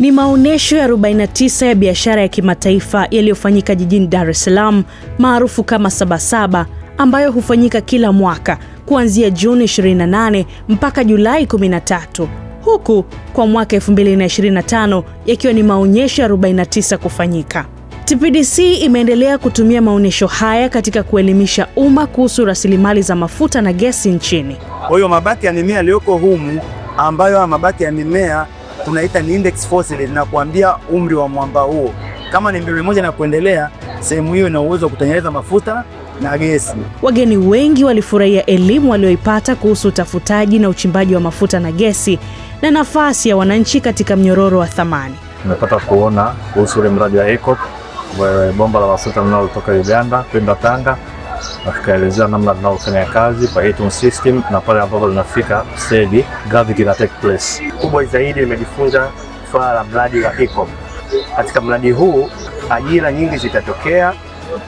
Ni maonyesho ya 49 ya biashara ya kimataifa yaliyofanyika jijini Dar es Salaam maarufu kama Sabasaba ambayo hufanyika kila mwaka kuanzia Juni 28 mpaka Julai 13 huku kwa mwaka 2025 yakiwa ni maonyesho ya 49 kufanyika. TPDC imeendelea kutumia maonyesho haya katika kuelimisha umma kuhusu rasilimali za mafuta na gesi nchini. Kwa hiyo mabaki ya mimea yaliyoko humu ambayo mabaki ya mimea tunaita ni index fossil, linakuambia umri wa mwamba huo. Kama ni milioni moja na kuendelea, sehemu hiyo ina uwezo wa kutengeneza mafuta na gesi. Wageni wengi walifurahia elimu walioipata kuhusu utafutaji na uchimbaji wa mafuta na gesi na nafasi ya wananchi katika mnyororo wa thamani. Tumepata kuona kuhusu ule mradi wa ECOP, bomba la mafuta linalotoka Uganda kwenda Tanga na namna tunavyofanya kazi kwa ATM system na pale ambapo linafika stage gavi kina take place. Kubwa zaidi nimejifunza swala la mradi wa eCom. Katika mradi huu ajira nyingi zitatokea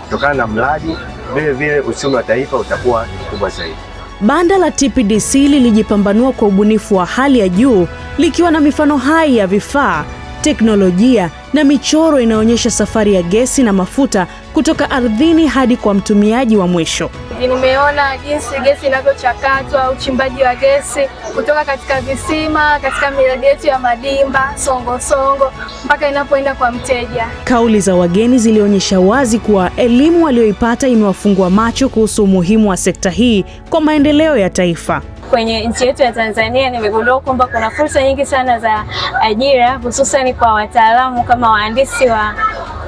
kutokana na mradi, vile vile uchumi wa taifa utakuwa mkubwa zaidi. Banda la TPDC lilijipambanua kwa ubunifu wa hali ya juu likiwa na mifano hai ya vifaa teknolojia na michoro inaonyesha safari ya gesi na mafuta kutoka ardhini hadi kwa mtumiaji wa mwisho. Nimeona jinsi gesi inavyochakatwa, uchimbaji wa gesi kutoka katika visima, katika miradi yetu ya Madimba, Songosongo mpaka inapoenda kwa mteja. Kauli za wageni zilionyesha wazi kuwa elimu walioipata imewafungua macho kuhusu umuhimu wa sekta hii kwa maendeleo ya taifa kwenye nchi yetu ya Tanzania, nimegundua kwamba kuna fursa nyingi sana za ajira hususan kwa wataalamu kama wahandisi wa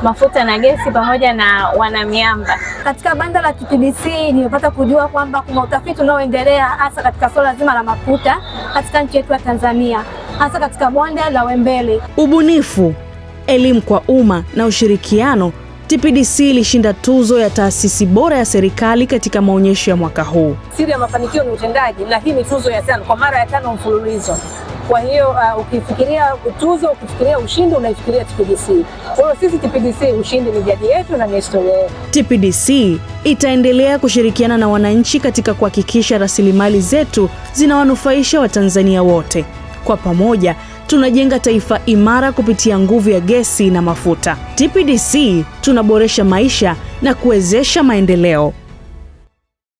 mafuta na gesi pamoja na wanamiamba. Katika banda la TPDC nimepata kujua kwamba kuna utafiti unaoendelea hasa katika suala zima la mafuta katika nchi yetu ya Tanzania, hasa katika bonde la wembele Ubunifu, elimu kwa umma na ushirikiano TPDC ilishinda tuzo ya taasisi bora ya serikali katika maonyesho ya mwaka huu. Siri ya mafanikio ni utendaji, na hii ni tuzo ya tano kwa mara ya tano mfululizo. Kwa hiyo uh, ukifikiria tuzo, ukifikiria ushindi unaifikiria TPDC. Kwa hiyo sisi TPDC, ushindi ni jadi yetu na ni historia yetu. TPDC itaendelea kushirikiana na wananchi katika kuhakikisha rasilimali zetu zinawanufaisha Watanzania wote kwa pamoja tunajenga taifa imara kupitia nguvu ya gesi na mafuta. TPDC tunaboresha maisha na kuwezesha maendeleo.